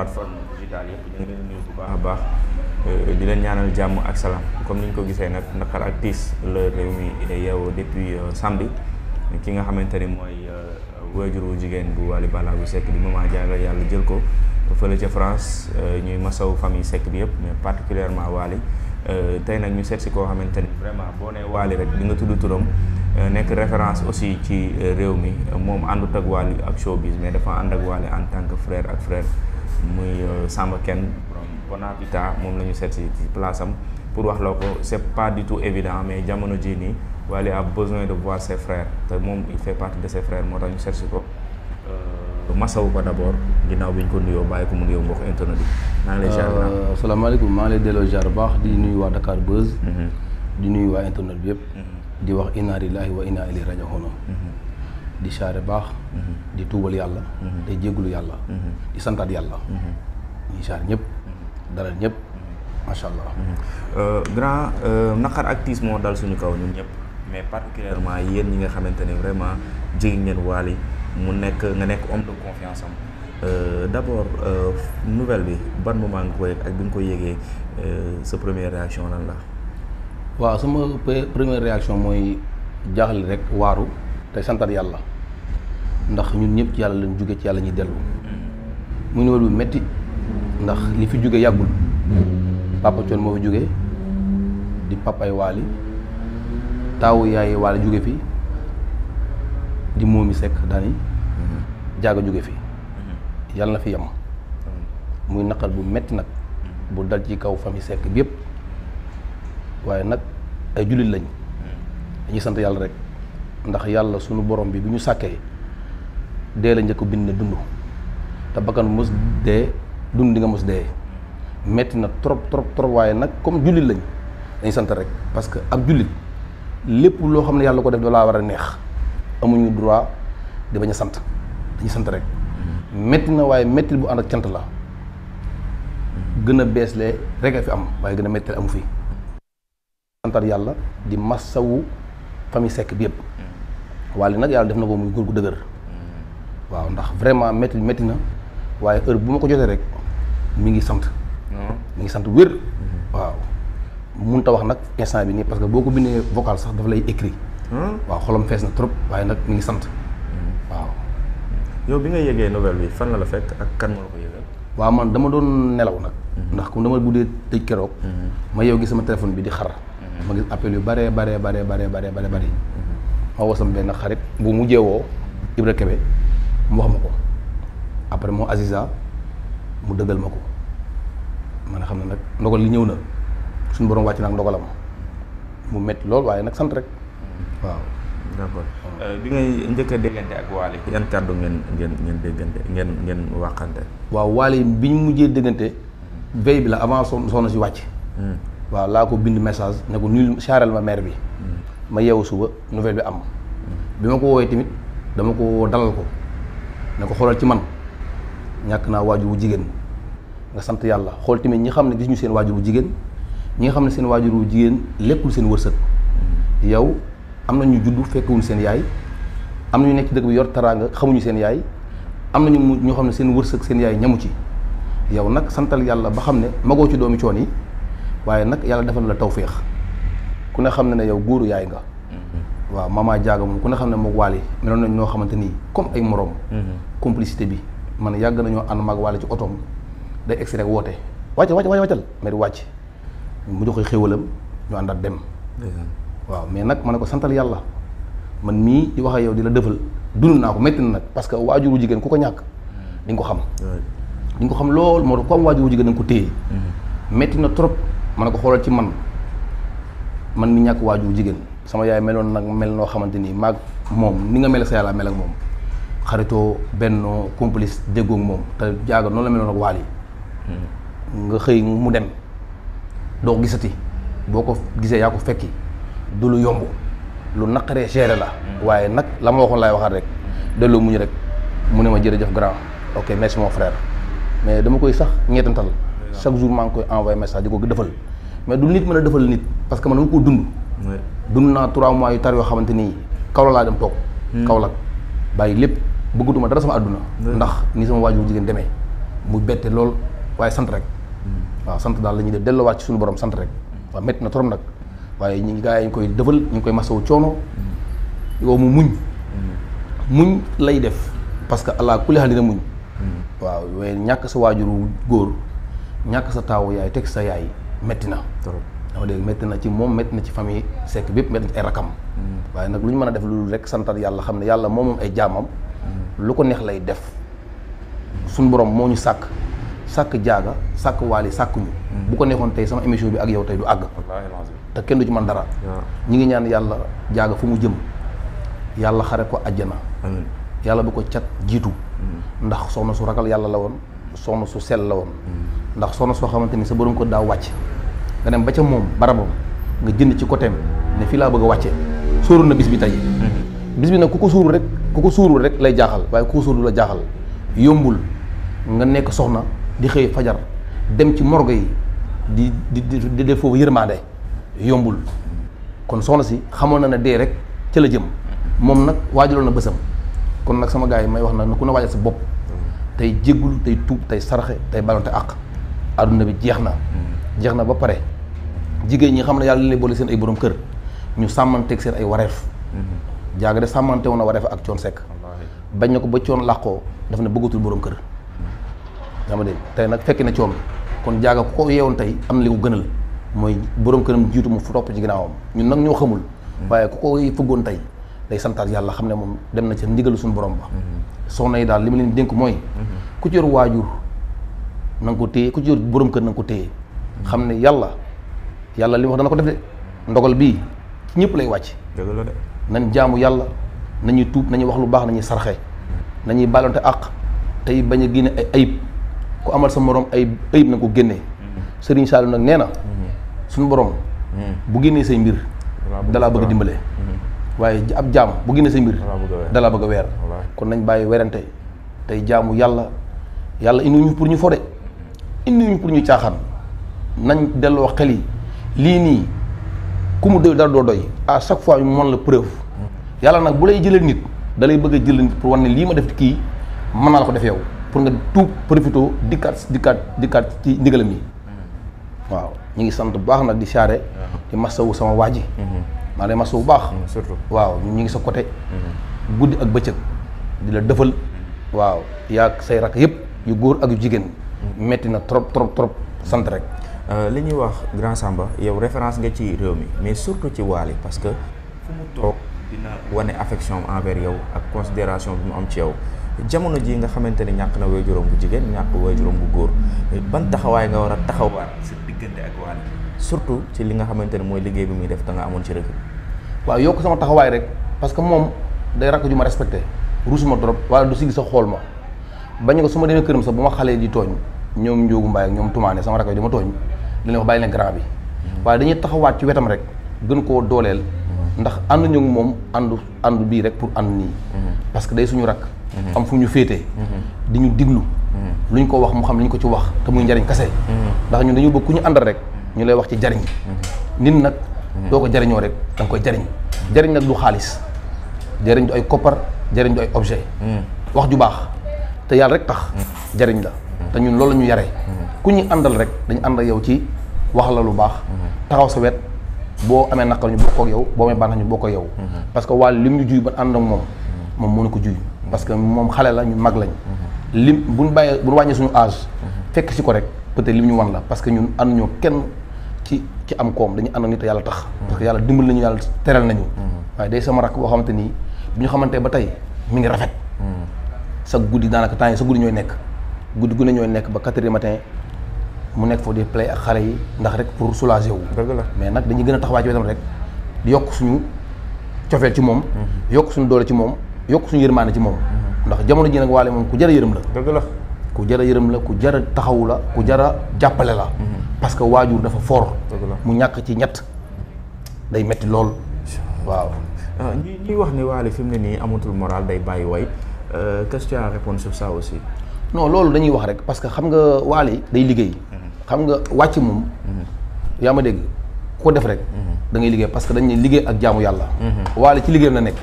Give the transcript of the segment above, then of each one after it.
plateforme digitale yëpp ñu bu baax a baax euh, di leen ñaanal jàmm ak salaam comme ni ñu ko gisee nag naqar ak tiis la réew mi yow depuis euh, samedi ki nga xamante ni mooy euh, waajur wu jigéen bu Wally Ballago Seck di maman Diaga yàlla jël ko fële ca France ñuy masaw famille Seck bi yëpp mais particulièrement Wally tey nag ñu seet si koo xamante ni vraiment boo nee Wally rek di nga tudd turam nekk référence aussi ci réew mi moom àndut ak Wally ak showbiz mais dafa ànd ak Wally en tant que frère ak frère muy kenn euh, Kane borom Bonavita moom la ñu seet si ci pour wax la ko c' est pas du tout évident mais jamono jii nii Wally a besoin de voir ses frères te moom il fait partie de ses frères moo tax ñu seet si ko. Euh, masawu ko d' abord ginnaaw bi ñu ko nuyoo bàyyi ko mu nuyoo mbokk internet bi. maa ngi lay ziar naa euh, asalaamaaleykum maa ngi lay delloo ziar bu baax di nuyu waa Dakar Buzz. Mm-hmm. di nuyu waa internet bi yëpp. Mm-hmm. di wax inna lillahi wa inna ilayhi raji'un mm-hmm. di saare baax mhm. di tuubal yàlla mhm. day yàlla mhm. di santaat yàlla ñuy saar ñëpp dalal ñëpp macha allah euh, grand euh, naqar ak tiis moo dal suñu kaw ñun ñëpp mais particulièrement yéen ñi nga xamante ne vraiment jege ngeen Wally mu nekk nga nekk homme de confiance am euh, d'abord nouvelle bi ban moment nga ko yëg ak bi nga ko yëgee sa première réaction lan la waaw sama première réaction mooy jaaxle rek waaru te santat yàlla ndax ñun ñëpp ci yàlla lañ jóge ci yàlla ñuy dellu mu ne wal bu metti ndax li fi jóge yàggul papa Thione moo fi jóge di papa ay waali taawu yaay waali jóge fi di moomi sekk daani jaaga jóge fi yàlla na fi yam muy naqar bu metti nag bu dal ci kaw famille sekk bi yëpp waaye nag ay jullit lañ dañuy sant yàlla rek ndax yàlla sunu borom bi bi ñu sàkkee dee la ko bind ne dund te bakkan mos dee dund di nga mos dee metti na trop trop trop waaye nag comme jullit lañ dañ sant rek parce que ab jullit lépp loo xam ne yàlla ko def da laa war a neex amuñu droit di bañ a sant dañu sant rek metti na waaye metti bu ànd ak cant la gën a bees lee rek a fi am waaye gën a metti amu fi santar yàlla di massawu famille sekk bi yëpp waale nag yàlla def na ko muy góor gu dëgër waaw ndax vraiment métti metti na waaye heure bu ma ko jotee rek mi ngi sant. mu ngi sant wér. Mm-hmm. waaw mënut ta wax nag instant bi nii parce que boo ko bindee vocal sax dafa lay écrit. Hmm? waaw xolam fees na trop waaye nag mi ngi sant. Mm-hmm. waaw. yow bi nga yëgee nouvelle bi fan la la fekk ak kan moo la ko yëgal. waaw man dama doon nelaw nag. Mm-hmm. ndax comme dama guddee tëj keroog. ma yow gis sama téléphone bi di xar. ma gis appel yu baree bare baree baree baree baree. ma benn xarit bu mujjee woo Ibra mu wax ma ko après moo Aziza mu dëggal ma ko man xam ne nag ndogal li ñëw na suñ borom wàcc nag ndogalam mu metti lool waaye nag sant rek waaw. d'accord euh, bi ngay njëkk a déggante ak Waly yan kàddu ngeen ngeen ngeen déggante ngeen ngeen waxante. waaw Waly bi ñu mujjee déggante veille bi la avant son soxna si wàcc. Hmm. waaw laa ko bind message ne ko nuyul saareel ma maire bi. Hmm. ma yeewu suba nouvelle bi am. Hmm. bi ma ko woowee tamit dama ko dalal ko. ne ko xoolal ci man ñàkk naa waajur wu jigéen nga sant yàlla xool tamit ñi xam ne gis ñu seen waajur wu jigéen ñi nga xam ne seen waajur wu jigéen lekkul seen wërsëg yow am na ñu juddu fekkewuñu seen yaay am na nekk ci dëkk bi yor taraanga xamuñu seen yaay am na ñu ñoo xam ne seen wërsëg seen yaay ñamu ci yow nag santal yàlla ba xam ne magoo ci doomi coon yi waaye nag yàlla defal la tawféex ku ne xam ne ne yow góoru yaay nga waaw maamaa Diaga moom ku ne xam ne moog Waly meloon nañ ñoo xamante ni comme ay morom. Mhm. complicité bi man yàgg nañoo ànd maag Waly ci otoom day egsi rek woote wàcc wàcc wàccal mais wàcc mu jox ko xéwalam ñu àndaat waaw mais nag ma ne ko santal yàlla man mii di wax yow di la dund naa ko métti na nag parce que waajuru jigéen ku ko ñàkk mhm. di ko xam. di ko xam lool moo tax ku am waajuru jigéen da nga ko téye. Mhm. metti na trop ma ne ko xoolal ci man man mi ñàkk waajuru jigéen. sama yaay meloon nag mel noo xamante ni maag moom ni nga mel sa yàlla mel ak moom xaritoo benn complice déggoo moom te jaaga noonu la meloon ak waal yi hmm. nga xëy mu dem doo gisati boo ko gisee yaa ko fekki du lu yomb lu naqaree géré la hmm. waaye nag la ma waxoon laay waxaat rek delloo mu muñu rek mu ne ma jërëjëf grand ok merci mon frère mais dama koy sax ñeetantal chaque jour maa ngi koy envoyé message di ko defal mais du nit mën a defal nit parce que man dama ko dund. dund naa trois mois tar yoo xamante ni kaw laa dem toog. Hmm. Kaolack bàyyi lépp bëggatuma dara sama àdduna. ndax ni sama waajur jigéen demee mu bette lool waaye sant rek. Hmm. waaw sant daal lañuy ñuy def delloowaat ci suñu borom sant rek. waaw metti na trop nag waaye ñu ngi gars yi ñu koy defal ñu ngi koy masawu coono. Hmm. yow mu muñ. muñ lay def parce que allah kulli xel dina muñ. waaw waaye ñàkk sa waajuru góor ñàkk sa taawu yaay teg sa yaay. métti na. dama dégg métti na ci moom metti na ci famille Seck bépp métti na ci ay rakam. Mm. waaye nag lu ñu mën a def loolu rek santat yàlla xam ne yàlla moom moom ay jaamam. Mm. lu ko neex lay def. suñu borom moo ñu sàkk sàkk jaaga sàkk waali sàkk ñu. Mm. bu ko neexoon tey sama émission bi ak yow tey du àgg. te kenn du ñu man dara. ñi ngi ñaan yàlla jaaga fu mu jëm. yàlla xare ko àjjana. yàlla bu ko cat jiitu. ndax soxna su ragal yàlla la woon. soxna su sell la woon ndax soxna soo xamante ni sa borom ko daa wàcc nga dem ba ca moom barabam nga jënd ci côté ne fii laa bëgg a wàcce sóoru na bis bi tey bis bi nag ku ko suuru rek ku ko suurul rek lay jaaxal waaye ku ko suuru la jaaxal yombul nga nekk soxna di xëy fajar dem ci morgo yi di di di def foofu yërmaande yombul kon soxna si xamoon na ne dee rek ca la jëm moom nag waajaloon na bësam kon nag sama gars yi may wax na ku ne waajal sa bopp tey jéggulu tey tuub tey saraxe tey balonte àq àdduna bi jeex na hmm. jeex na ba pare jigéen ñi xam ne yàlla leen boole seen ay boroom kër ñu sàmmanteeg seen ay wareef hmm. jaaga de sàmmante woon na wareef ak coon sekk bañ na ko ba coon làqoo daf ne bëggatul boroom kër dama hmm. dégg tey nag fekk na coon kon jaaga ku ko yeewoon tey am na li ko gënal mooy borom këram jiitu mu topp ci ginnaawam ñun nag ñoo xamul waaye ku ko fëggoon tey day santaat yàlla xam ne moom dem na ca ndigalu suñu borom ba soxna yi daal li ma leen dénk mooy ku ci yor waajur na ko téye ku ci yor borom kër na ko téye xam ne yàlla yàlla li mu wax dana ko def de ndogal bii ci ñëpp lay wàcc dëgg la de jaamu yàlla nañuy tuub nañuy wax lu baax nañuy sarxe nañuy baalante àq tey bañ a ay ayib ku amal sa moroom ay ayib na ko génnee Serigne Saliou nag nee na mm-hmm. suñu borom mm-hmm. bu génnee say mbir dalaa bëgg dimbalee waaye ab jaam bu génne sa mbir dala bëgg a weer kon nañ bàyyi werante tey jaamu yàlla yàlla indiwuñu pour ñu fode indiwuñu pour ñu caaxaan nañ delloo xel yi lii nii ku mu doy dara doo doy a chaque fois ñu man la preuve yàlla nag bu lay jëlee nit dalay bëgg a jëlee nit pour wane ne lii ma def kii mën naa la ko def yow pour nga tuub profito dikkaat dikkaat dikkaat ci ndigalam yi mm-hmm. waaw ñu ngi sant bu baax nag di saare di masawu sama waa ji mm-hmm. maa lay bu baax. Mm, surtout waaw ñu ngi sa côté. Mm-hmm. guddi ak bëccëg di la dëfal. Mm-hmm. waaw yaag say rak yëpp yu góor ak yu jigéen. Mm-hmm. metti na trop trop trop sant rek. Euh, li ñuy wax grand Samba yow référence nga ci réew mi mais surtout ci Wally parce que fu mu toog dina wane affection envers yow ak considération bi mu am ci yow. jamono ji nga xamante ne ñàkk na waajuram bu jigéen ñàkk waajuram bu góor ban taxawaay nga war a taxawaat sa diggante ak Wally surtout ci li nga xamante ne mooy liggéey bi muy def da nga amoon ci rek waaye yokk sama taxawaay rek parce que moom day rakk ju ma respecté ruusuma trop wala du sigi sa xool ma bañ ko su ma demee këram sax bu ma xalee di tooñ ñoom Njóogu Mbaay ak ñoom Tumaane sama rakk yi di ma tooñ dañ ko bàyyi leen grand bi hmm. waaye dañuy taxawaat ci wetam rek gën koo dooleel hmm. ndax ànd ñëw moom ànd àndu bii rek pour ànd nii hmm. parce que day suñu rakk am fu ñu féetee di ñu diglu lu ñu ko wax mu xam li ñu ko ci wax te muy njariñ kase ndax ñu dañu bëgg ñu àndal rek ñu lay wax ci jariñ nit nag Hmm. doo ko jariñoo rek da koy jariñ jariñ nag du xaalis jariñ du ay koppar jariñ du ay objet hmm. wax ju baax te yàlla rek tax hmm. jariñ la te ñun loolu la ñu yaree ku ñu àndal rek dañu ànd ak yow ci wax la lu baax taxaw sa wet boo amee naqar ñu bokk ak yow boo amee bànneex ñu bokk ak yow parce que waa lim ñu juy ba ànd ak moom moom mënu ko juy parce que moom xale la ñu mag lañ lim buñ bàyyee buñ wàññee suñu âge fekk si ko rek peut-être lim ñu wan la parce que ñun ànd ñoo kenn ci ci am koom dañu ànd nit te yàlla tax parce que yàlla dimbal nañu yàlla teral nañu mm-hmm. waaye day sama rakk boo xamante nii bu ñu xamantee ba tey mi ngi rafet mm-hmm. sa guddi daanaka temps yi sa guddi ñooy nekk guddi gu ne ñooy nekk ba quatre heures matin mu nekk foofu di play ak xale yi ndax rek pour soulager wu dëgg la mais nag dañuy gën a taxawaay ci wetam rek di yokk suñu cofeel ci moom mm-hmm. yokk suñu doole ci moom yokk suñu yërmaane ci moom ndax jamono ji nag waale moom ku jërë yërëm la la ku jara yërëm la ku jara taxawu la ku jara jàppale la mhm. parce que waajur dafa fort mu ñàkk ci ñett day metti lool waaw euh, ñuy ñuy wax ni Wally fi ne nii amatul moral day bàyyi woy euh, qu'est-ce que tu as répondu loolu dañuy wax rek parce que xam nga Wally day liggéey mhm. xam nga wàcc moom mhm. yaa ma dégg ko def rek da ngay liggéey parce que dañuy liggéey ak jaamu yàlla Wally ci liggéeyam la nekk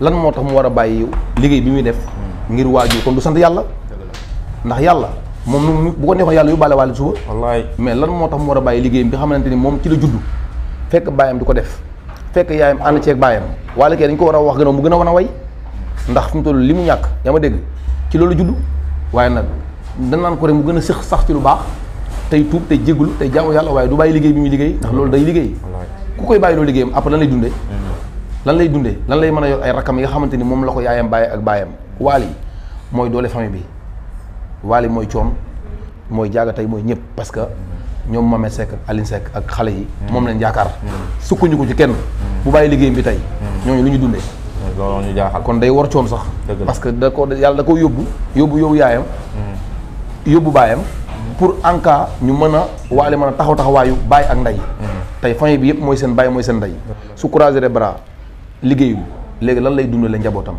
lan moo tax mu war a bàyyi liggéey bi muy def ngir waajur kon du sant yàlla ndax yàlla moom bu ko neexoon yàlla yu yóbbaale waale suba wallaay mais lan moo tax mu war a bàyyi liggéeyam bi xamante ni moom la judd fekk bàyyam di ko def fekk yaayam ànd ceeg bàyyam waale kee dañ ko war a wax gën mu gën a wan a way ndax fu toll li mu ñàkk yaa dégg ci loolu judd waaye nag danaan ko rek mu gën a sax ci lu baax tey tuub tey jégalu tey jaamu yàlla waaye du bàyyi liggéey bi muy liggéey ndax loolu day liggéey koy bàyyi loo liggéeyam après lay dundee lan lay dundee mm-hmm. lan lay mën a yor ay rakam yi nga xamante ni moom la ko yaayam bàyyi ak baayam waal yi mooy doole famille bi Waly mooy coom mooy jaaga tey mooy ñëpp parce que ñoom Mame Seck ak Aline Seck ak xale yi. moom lañ yaakaar. sukkandiku ko ci kenn. bu bàyyi liggéeyam bi tey. ñooñu lu ñu dundee. loolu ñu jaaxal kon day war coom sax. parce que da ko yàlla da ko yóbbu yóbbu yow yaayam. yóbbu baayam. pour en ñu mën a waale mën a taxaw taxawaayu baay ak ndey. tey famille bi yëpp mooy seen baay mooy seen ndey. su croiser les bras liggéeyu léegi lan lay la njabootam.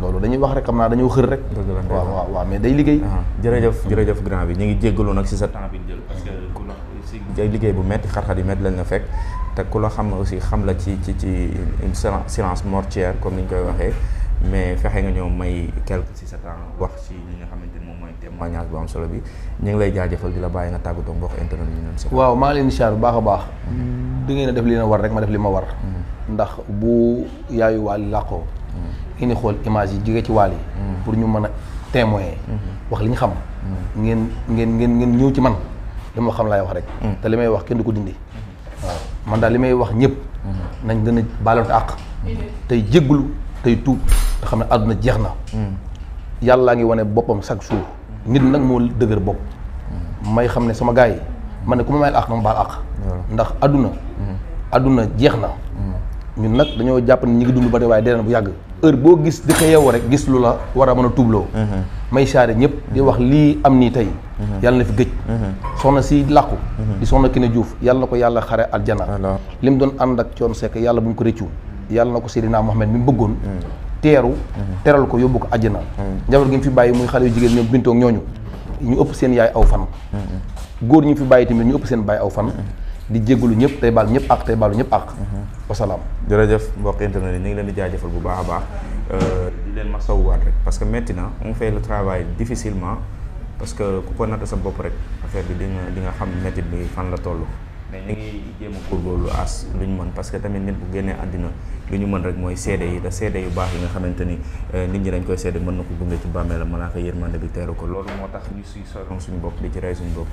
loolu dañuy wax rek xam naa dañoo xër rek. dëgg la waaw waaw mais day liggéey. jërëjëf jërëjëf grand bi ñu ngi jéggalu nag si sa temps bi ñu jël parce que ku la si day liggéey bu métti xar-xar yi métti lañ la fekk te ku la xam aussi xam la ci ci ci une silence mortuaire comme ni ñu koy waxee mais fexe nga ñoo may quelque si sa temps wax si li nga xamante ni moom mooy témoignage bu am solo bi ngi lay jaajëfal di la bàyyi nga tàggatoo mbokk internet ñu doon seet. waaw maa leen di bu baax a baax. Mm-hmm. di ngeen a def li na war rek ma def li ma war. Mm-hmm. ndax bu yaayu waali làqoo Mm-hmm. ngeen di xool image yi jógee ci waal yi. Mm-hmm. pour ñu mën a témoigner. Mm-hmm. wax li ñu xam. ngeen ngeen ngeen ngeen ñëw ci man li ma xam laay wax rek. te li may wax kenn du ko dindi. waaw man daal li may wax ñëpp. nañ gën a baalante àq. tey tey tuub te xam ne àdduna jeex na. yàllaa ngi wane boppam chaque jour. nit nag moo dëgër bopp. may xam ne sama gars yi. man ne ku ma mayal àq na ma baal àq. ndax àdduna. àdduna jeex na. ñun nag dañoo jàpp ne ñu ngi dund ba tey waaye dee na bu yàgg heure boo gis di ko yeewoo rek gis lu la war a mën a tubloo mhm. may saare ñëpp di wax lii am nii tey mhm. yàlla na fi gëj mhm. soxna si làqu di soxna Kiné Diouf yàlla na ko yàlla xare aljana li mu doon ànd ak coon sekk yàlla bu mu ko rëccu yàlla na ko Seydina Mohamed mi mu bëggoon teeru teral ko yóbbu ko àjjana njaboot gi mu fi bàyyi muy xale yu jigéen ñoom bintoog ñooñu ñu ëpp seen yaay aw fan góor ñi fi bàyyi tamit ñu ëpp seen bàyyi aw fan di jégalu ñëpp tey baal ñëpp ak tey baalu ñëpp ak mm-hmm. wasalaam jërëjëf mbokk internet yi ngi leen di jaajëfal bu baax a baax euh, di leen masawuwaat rek parce que metti na on fait le travail difficilement parce que ku ko natt sa bopp rek affaire bi di nga di nga xam métit bi fan la toll mais ñu ngi jéem a góorgóorlu as lu ñu mën parce que tamit nit bu génnee àddina lu ñu mën rek mooy seede yu baax yi nga xamante ni euh, nit ñi dañ koy seede mën na ko gunge ci bàmmeelam malaaka yërmande bi teeru ko loolu moo tax ñu suy soroon suñu bopp di ci rey suñu bopp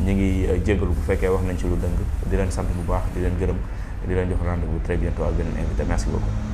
ñu ngi euh, jégalu bu fekkee wax nañ ci lu dëng di leen sant bu baax di leen gërëm di leen jox rendez-vous très bientôt ak beneen invité merci beaucoup